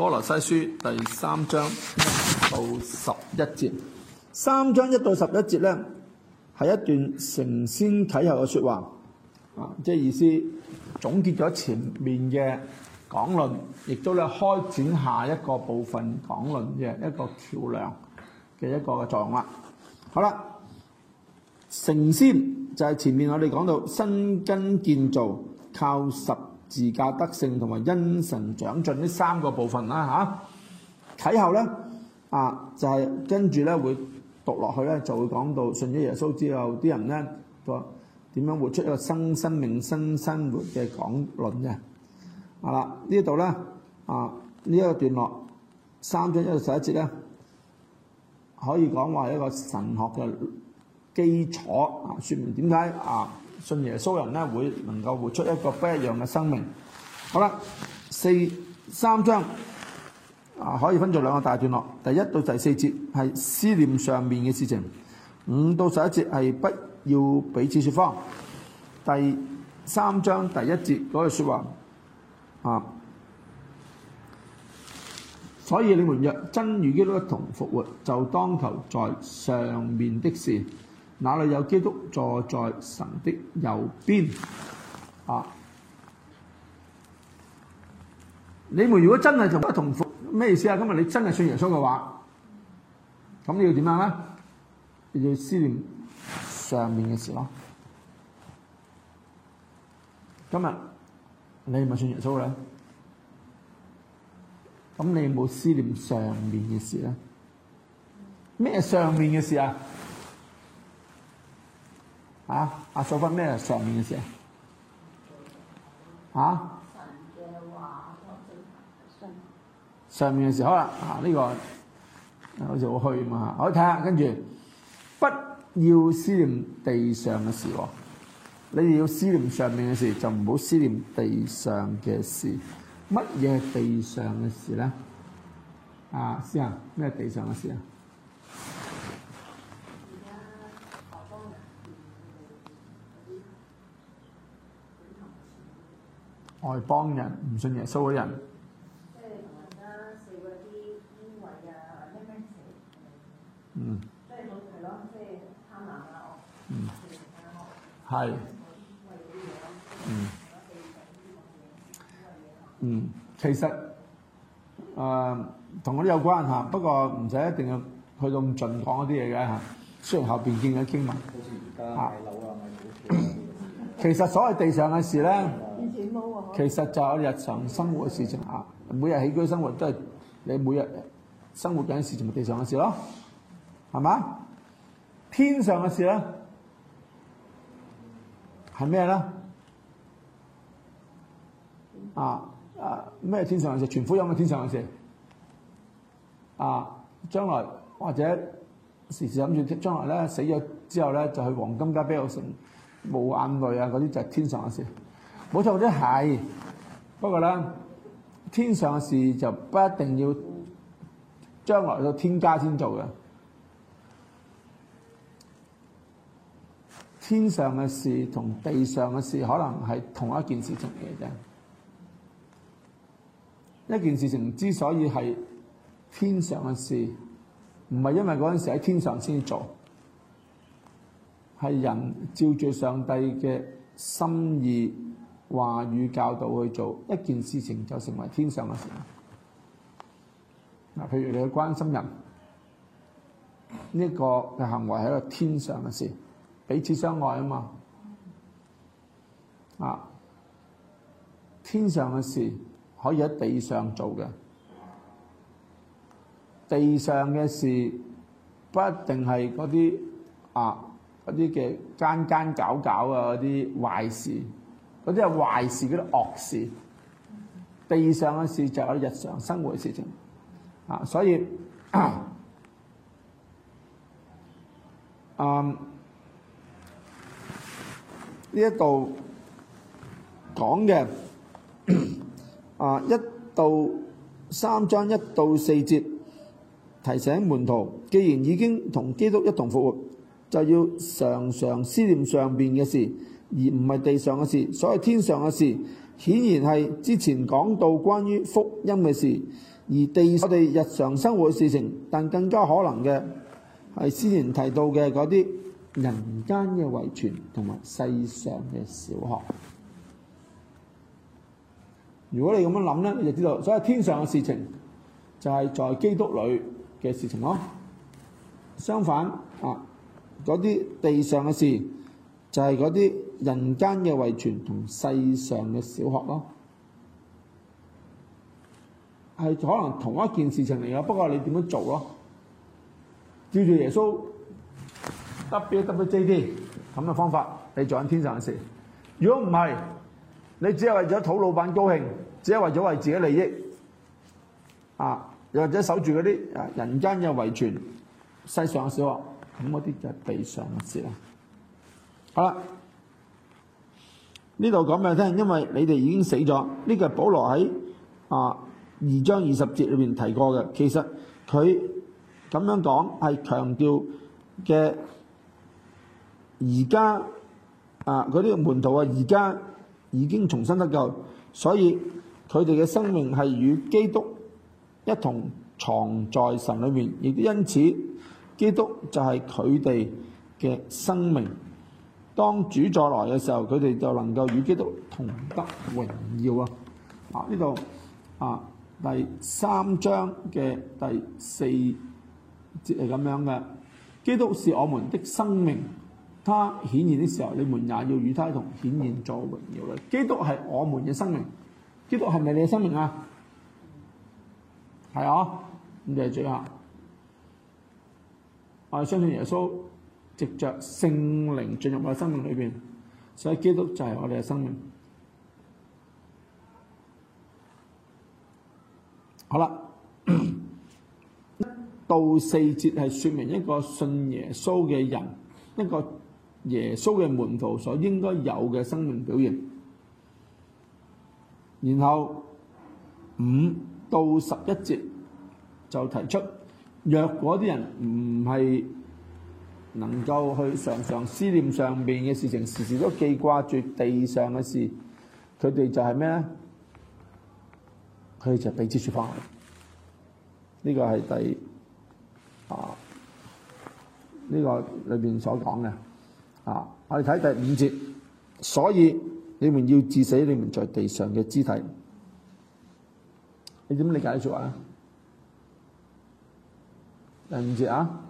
《哥羅西書》第三章一到十一節，三章一到十一節呢，係一段承先啟後嘅説話，啊，即係意思總結咗前面嘅講論，亦都咧開展下一個部分講論嘅一個橋梁嘅一個嘅作用啦。好啦，承先就係、是、前面我哋講到新根建造靠十。自覺德勝同埋因神長進呢三個部分啦嚇，睇、啊、後咧啊，就係、是、跟住咧會讀落去咧，就會講到信咗耶穌之後啲人咧就點樣活出一個新生命、新生活嘅講論嘅。啊啦，呢度咧啊呢一個段落三章一到十一節咧，可以講話一個神學嘅基礎啊，説明點解啊。信耶穌人咧，會能夠活出一個不一樣嘅生命。好啦，四三章啊，可以分做兩個大段落。第一到第四節係思念上面嘅事情，五到十一節係不要彼此説謊。第三章第一節嗰句説話啊，所以你們若真與基督一同復活，就當求在上面的事。哪裏有基督坐在神的右邊啊？你們如果真係就不同服，咩意思啊？今日你真係信耶穌嘅話，咁你要點樣啊？你要思念上面嘅事咯。今日你咪信耶穌呢，咁你冇思念上面嘅事咧？咩上面嘅事啊？啊！阿所芬咩啊？上面嘅事啊！啊！上面嘅事好啦，啊呢、這個好似好虛嘛，可以睇下。跟住不要思念地上嘅事，你哋要思念上面嘅事，就唔好思念地上嘅事。乜嘢係地上嘅事咧？啊，先生，咩地上嘅事啊？外邦人唔信耶穌嘅人，即係同人家笑一啲卑微啊，或者咩死，嗯，即係冇提咯，即係貪婪啊，哦，嗯，係，嗯，其實誒同嗰啲有關嚇，不過唔使一定要去到咁盡講嗰啲嘢嘅嚇。雖然後邊見咗經文，嚇，其實所謂地上嘅事咧。其實就係我日常生活嘅事情啊！每日起居生活都係你每日生活緊嘅事情，咪地上嘅事咯，係嘛？天上嘅事咧係咩咧？啊啊！咩天上嘅事？全福音嘅天上嘅事啊！將來或者時時諗住將來咧死咗之後咧就去黃金家啤，度城冇眼淚啊！嗰啲就係天上嘅事。冇錯，啲係。不過咧，天上嘅事就不一定要將來到天家先做嘅。天上嘅事同地上嘅事可能係同一件事情嚟嘅啫。呢件事情之所以係天上嘅事，唔係因為嗰陣時喺天上先做，係人照住上帝嘅心意。話語教導去做一件事情，就成為天上嘅事。嗱，譬如你去關心人呢個嘅行為，係一個天上嘅事，彼此相愛啊嘛。啊，天上嘅事可以喺地上做嘅，地上嘅事不一定係嗰啲啊，嗰啲嘅奸奸搞搞啊，嗰啲壞事。嗰啲係壞事，嗰啲惡事。嗯，地上嘅事就係日常生活嘅事情。啊，所以，啊，呢一度講嘅啊一到三章一到四節，提醒門徒，既然已經同基督一同復活，就要常常思念上邊嘅事。而唔係地上嘅事，所謂天上嘅事顯然係之前講到關於福音嘅事，而地我哋日常生活事情，但更加可能嘅係之前提到嘅嗰啲人間嘅遺傳同埋世上嘅小學。如果你咁樣諗呢，你就知道，所謂天上嘅事情就係在基督裏嘅事情咯。相反啊，嗰啲地上嘅事就係嗰啲。人間嘅遺傳同世上嘅小學咯，係可能同一件事情嚟嘅。不過你點樣做咯？照住耶穌 WWJD 咁嘅方法，你做緊天上嘅事。如果唔係，你只係為咗討老闆高興，只係為咗為自己利益啊，又或者守住嗰啲啊人間嘅遺傳、世上嘅小學，咁嗰啲就係地上嘅事啦。好啦。呢度講俾你聽，因為你哋已經死咗。呢、這個係保羅喺啊二章二十節裏面提過嘅。其實佢咁樣講係強調嘅，而家啊呢啲門徒啊，而家已經重新得救，所以佢哋嘅生命係與基督一同藏在神裏面，亦都因此基督就係佢哋嘅生命。當主再來嘅時候，佢哋就能夠與基督同得榮耀啊！啊，呢度啊，第三章嘅第四節係咁樣嘅。基督是我們的生命，他顯現的時候，你們也要與他同顯現，在榮耀裏。基督係我們嘅生命，基督係咪你嘅生命啊？係啊，咁就係最後啊！啊，我哋相信耶穌。藉著聖靈進入我生命裏邊，所以基督就係我哋嘅生命。好啦， 一到四節係説明一個信耶穌嘅人，一個耶穌嘅門徒所應該有嘅生命表現。然後五到十一節就提出，若果啲人唔係。能夠去常常思念上面嘅事情，時時都記掛住地上嘅事，佢哋就係咩咧？佢哋就彼此說翻。呢個係第啊呢個裏邊所講嘅啊。我哋睇第五節，所以你們要致死你們在地上嘅肢體。你點理解呢句話啊？第五節啊。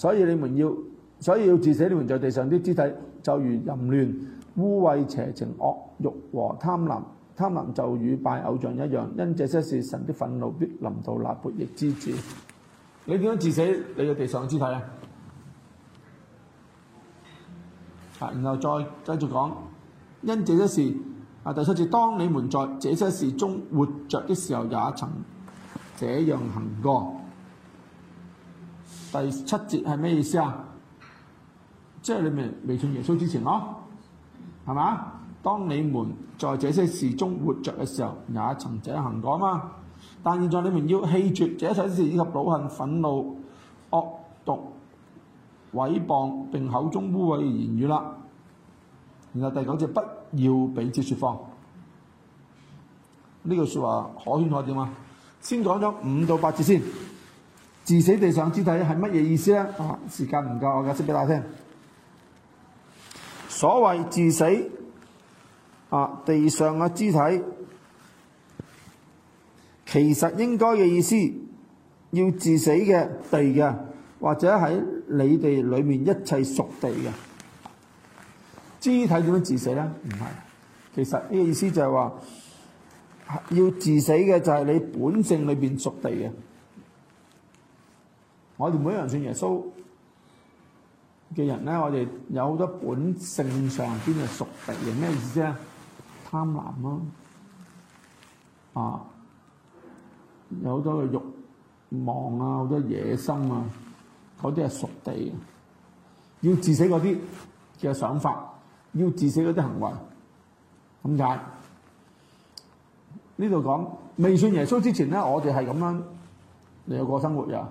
所以你們要，所以要治死你們在地上啲肢體。就如淫亂、污穢、邪情、惡欲和貪婪，貪婪就與拜偶像一樣。因這些事，神的憤怒必臨到那悖逆之子。你點樣治死你嘅地上肢體啊？啊，然後再繼續講。因這些事，啊，第七節，當你們在這些事中活着的時候，也曾這樣行過。第七節係咩意思啊？即係你未未信耶穌之前咯，係嘛？當你們在這些事中活着嘅時候，也曾這樣行過啊嘛。但現在你們要棄絕這些事，以及惱恨、憤怒、惡毒、毀謗並口中污穢言語啦。然後第九節不要彼此説謊。呢句説話可圈可點啊。先講咗五到八節先。治死地上肢體係乜嘢意思咧？啊，時間唔夠，我解釋俾大家聽。所謂治死啊，地上嘅肢體，其實應該嘅意思要治死嘅地嘅，或者喺你哋裏面一切屬地嘅肢體，點樣治死咧？唔係，其實呢個意思就係話要治死嘅就係你本性裏邊屬地嘅。我哋每一個信耶穌嘅人呢，我哋有好多本性上邊嘅屬地，係咩意思呢啊？貪婪咯啊，有好多嘅慾望啊，好多野心啊，嗰啲係屬地嘅，要致死嗰啲嘅想法，要致死嗰啲行為，點解？呢度講未信耶穌之前呢，我哋係咁樣嚟過生活呀。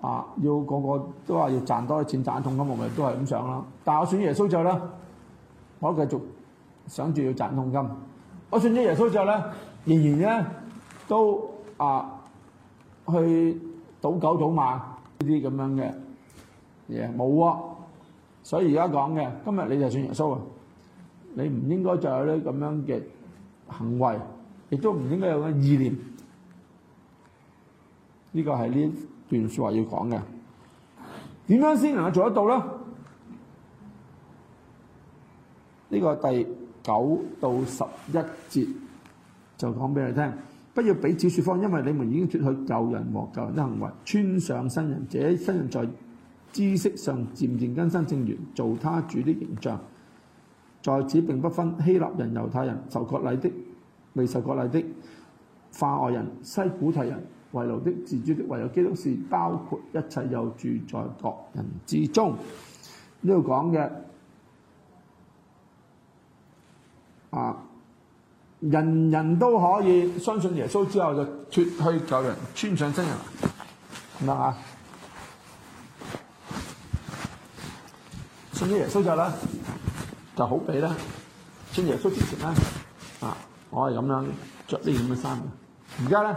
啊！要個個都話要賺多啲錢賺佣金，我咪都係咁想啦。但係我信耶穌之後咧，我繼續想住要賺佣金。我信咗耶穌之後咧，仍然咧都啊去賭狗賭馬呢啲咁樣嘅嘢冇啊！所以而家講嘅今日你就信耶穌啊！你唔應該再有呢咁樣嘅行為，亦都唔應該有個意念。呢、呢個係呢～段説話要講嘅，點樣先能夠做得到呢？呢、這個第九到十一節就講俾你聽，不要彼此説謊，因為你們已經脱去舊人和舊人的行為，穿上新人。這新人在知識上漸漸更新，正如，做他主的形象。在此並不分希臘人、猶太人、受割禮的、未受割禮的、化外人、西古提人。為奴的、自主的，唯有基督徒，包括一切，又住在各人之中。呢度講嘅啊，人人都可以相信耶穌之後，就脱去舊人，穿上新人。明白啊？信咗耶穌就咧就好比咧，信耶穌之前咧啊！我係咁樣着呢啲咁嘅衫。而家咧。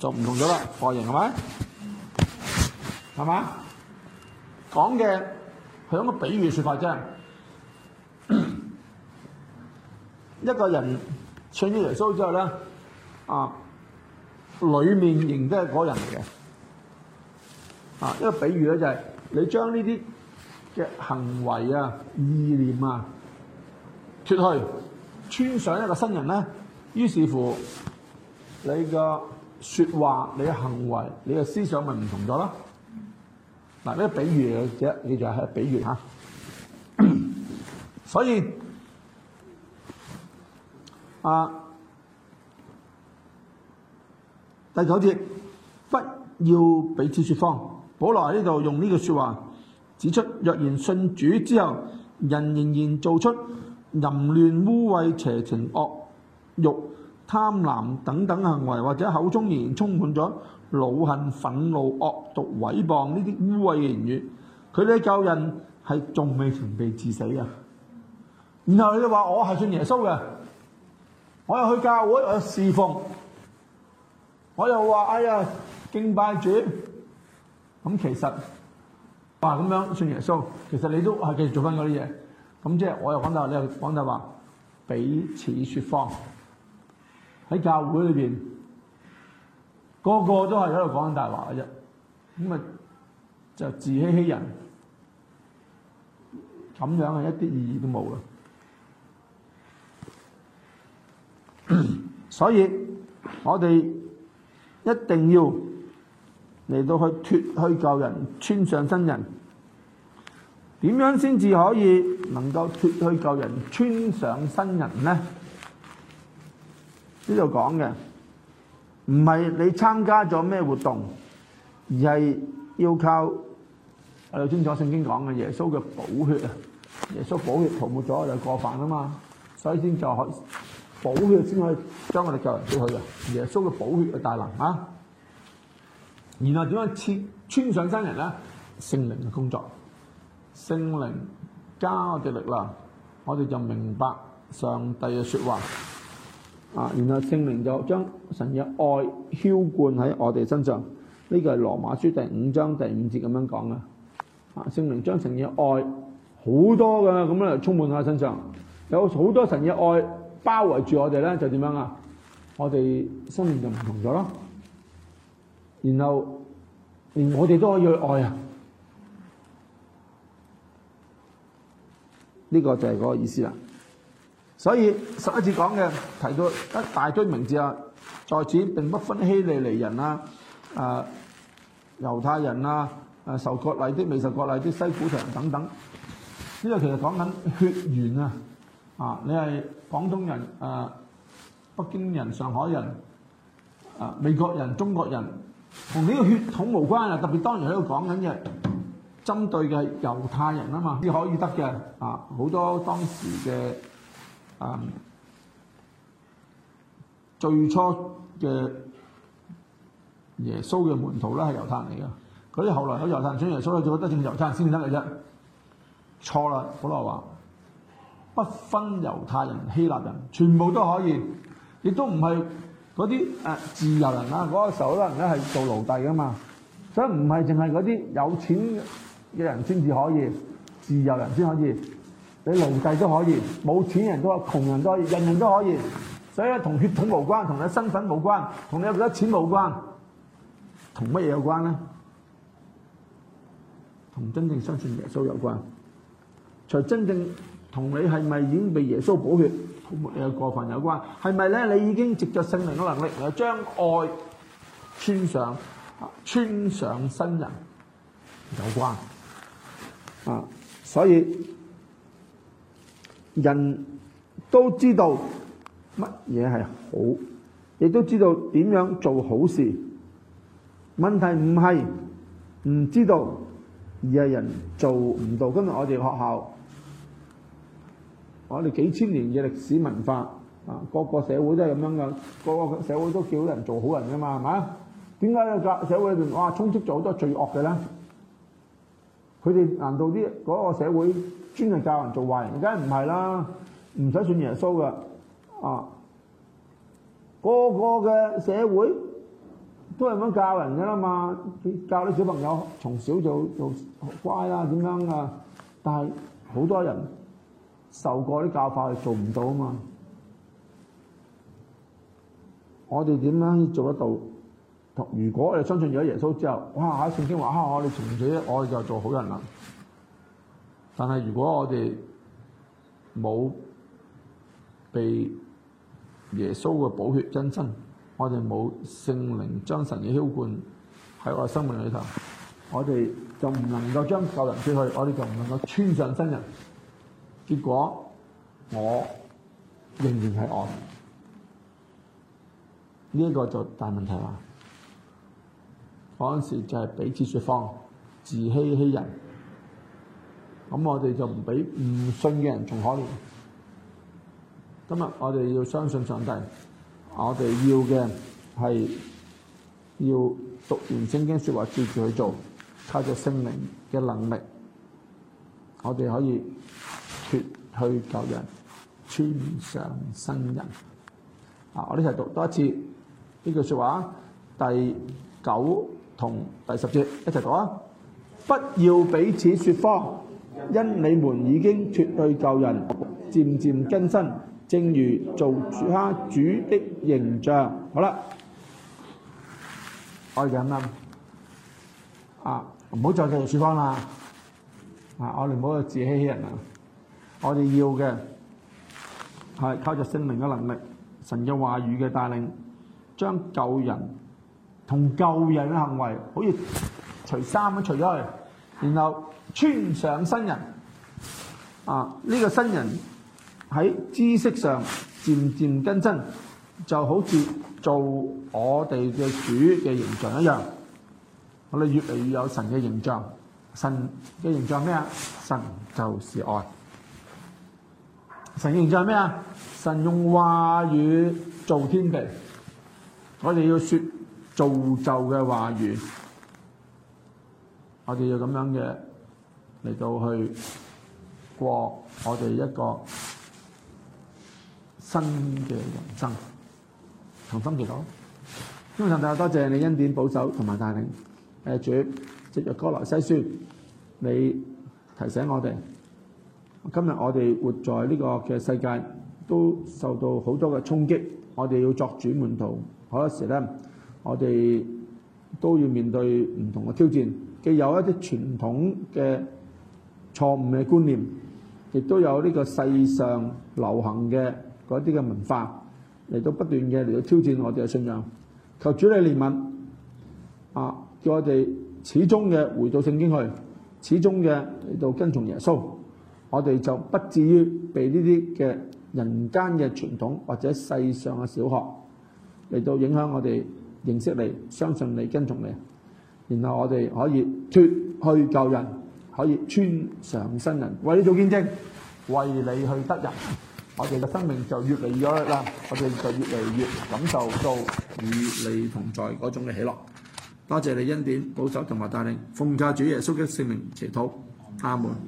就唔同咗啦，外形係咪？係嘛，講嘅係一個比喻嘅說法啫。 一個人穿呢條蘇之後咧，啊，裏面仍都係嗰個人嚟嘅。啊，一個比喻咧就係、是、你將呢啲嘅行為啊、意念啊脫去，穿上一個新人咧，於是乎你個。説話，你嘅行為、你嘅思想咪唔同咗咯？嗱，呢個比喻嘅啫，你就係比喻嚇。所以啊，第九節不要彼此説謊。保羅喺呢度用呢句説話指出，若然信主之後，人仍然做出淫亂、污穢、邪情惡、惡欲。貪婪等等行為，或者口中仍然充滿咗老恨、憤怒、惡毒、毀謗呢啲污穢嘅言語。佢哋教人係仲未曾被致死啊！然後你又話我係信耶穌嘅，我又去教會，我又侍奉，我又話哎呀敬拜主咁，其實啊，咁樣信耶穌，其實你都係繼續做翻嗰啲嘢。咁即係我又講大話，你又講大話，彼此説謊。喺教會裏邊，個個都係喺度講緊大話嘅啫，咁咪就自欺欺人，咁樣係一啲意義都冇啦。 所以我哋一定要嚟到去脫去舊人，穿上新人。點樣先至可以能夠脫去舊人，穿上新人咧？呢度講嘅唔係你參加咗咩活動，而係要靠我哋、嗯、清楚聖經講嘅耶穌嘅寶血啊！耶穌寶血塗抹咗就過犯啊嘛，所以先就可以寶血先可以將我哋救人出去嘅。耶穌嘅寶血嘅大能啊！然後點樣切穿上新人咧？聖靈嘅工作，聖靈加我哋力量。我哋就明白上帝嘅說話。啊，然後聖靈就將神嘅愛澆灌喺我哋身上，呢個係羅馬書第五章第五節咁樣講嘅。啊，聖靈將神嘅愛好多嘅咁樣充滿喺身上，有好多神嘅愛包圍住我哋咧，就點樣啊？我哋生命就唔同咗咯。然後，連我哋都可以去愛啊！呢個就係嗰個意思啦。所以十一節講嘅提到一大堆名字啊，在此並不分希利尼人啊，啊猶太人啊，啊受割禮啲未受割禮啲西古城等等，呢、這個其實講緊血緣啊，啊你係廣東人啊、北京人、上海人啊、美國人、中國人，同呢個血統無關啊。特別當年喺度講緊嘅，針對嘅係猶太人啊嘛，你可以得嘅啊，好多當時嘅。啊！Um, 最初嘅耶穌嘅門徒咧係猶太人嚟噶，嗰啲後來都猶太人轉耶穌咧，做得淨猶太人先得嘅啫。錯啦，保羅話不分猶太人、希臘人，全部都可以，亦都唔係嗰啲啊自由人啊嗰、那個時候啦，好多人係做奴隸噶嘛，所以唔係淨係嗰啲有錢嘅人先至可以自由人先可以。你奴隸都可以，冇錢人都可以，窮人都可以，人人都可以，所以同血統無關，同你身份無關，同你有幾多錢無關，同乜嘢有關咧？同真正相信耶穌有關，才真正同你係咪已經被耶穌寶血，冇乜嘢過分有關？係咪咧？你已經藉着聖靈嘅能力嚟將愛穿上，穿上新人有關啊！所以。人都知道乜嘢係好，亦都知道點樣做好事。問題唔係唔知道，而係人做唔到。今日我哋學校，我哋幾千年嘅歷史文化啊，個個社會都係咁樣噶，個個社會都叫人做好人噶嘛，係咪啊？點解個社會裏面哇充斥咗好多罪惡嘅咧？佢哋難道啲嗰個社會專係教人做壞人？梗係唔係啦？唔使算耶穌嘅啊！個個嘅社會都係咁教人噶啦嘛，教啲小朋友從小就就乖啦，點樣啊？樣但係好多人受過啲教化，做唔到啊嘛！我哋點樣做得到？如果我哋相信咗耶穌之後，哇！喺聖經話啊，我哋從此我哋就做好人啦。但係如果我哋冇被耶穌嘅寶血更新，我哋冇聖靈真神嘅澆灌喺我生命裏頭，我哋就唔能夠將舊人丟去，我哋就唔能夠穿上新人。結果我仍然係我。呢、這、一個就大問題啦。嗰陣時就係彼此説謊、自欺欺人。咁我哋就唔俾唔信嘅人仲可憐。今日我哋要相信上帝，我哋要嘅係要讀完聖經説話，照住去做，靠著聖靈嘅能力，我哋可以脱去舊人，穿上新人。啊！我哋一齊讀多一次呢句説話，第九。同第十節一齊講啊！不要彼此説謊，因你們已經脱去舊人，漸漸更新，正如做他主，主的形象。好啦，開始咁啦。啊，唔好再繼續説謊啦。啊，我哋唔好自欺欺人啊！我哋要嘅係靠著聖靈嘅能力、神嘅話語嘅帶領，將舊人。同舊人嘅行為，好似除衫咁除咗佢，然後穿上新人。啊！呢個新人喺知識上漸漸更新，就好似做我哋嘅主嘅形象一樣。我哋越嚟越有神嘅形象。神嘅形象係咩啊？神就是愛。神嘅形象係咩啊？神用話語做天地。我哋要說。造就嘅話語，我哋就咁樣嘅嚟到去過我哋一個新嘅人生。同心祈禱，今日神子多謝你恩典保守同埋帶領。誒主，藉著歌羅西書，你提醒我哋，今日我哋活在呢個嘅世界，都受到好多嘅衝擊。我哋要作主門徒，好多時咧。我哋都要面對唔同嘅挑戰，既有一啲傳統嘅錯誤嘅觀念，亦都有呢個世上流行嘅嗰啲嘅文化嚟到不斷嘅嚟到挑戰我哋嘅信仰。求主你憐憫啊！叫我哋始終嘅回到聖經去，始終嘅嚟到跟從耶穌，我哋就不至於被呢啲嘅人間嘅傳統或者世上嘅小學嚟到影響我哋。認識你，相信你，跟從你，然後我哋可以脱去舊人，可以穿上新人，為你做見證，為你去得人，我哋嘅生命就越嚟越咗啦，我哋就越嚟越感受到與你同在嗰種嘅喜樂。多謝你恩典保守同埋帶領，奉靠主耶穌嘅聖名祈禱，阿門。阿門，阿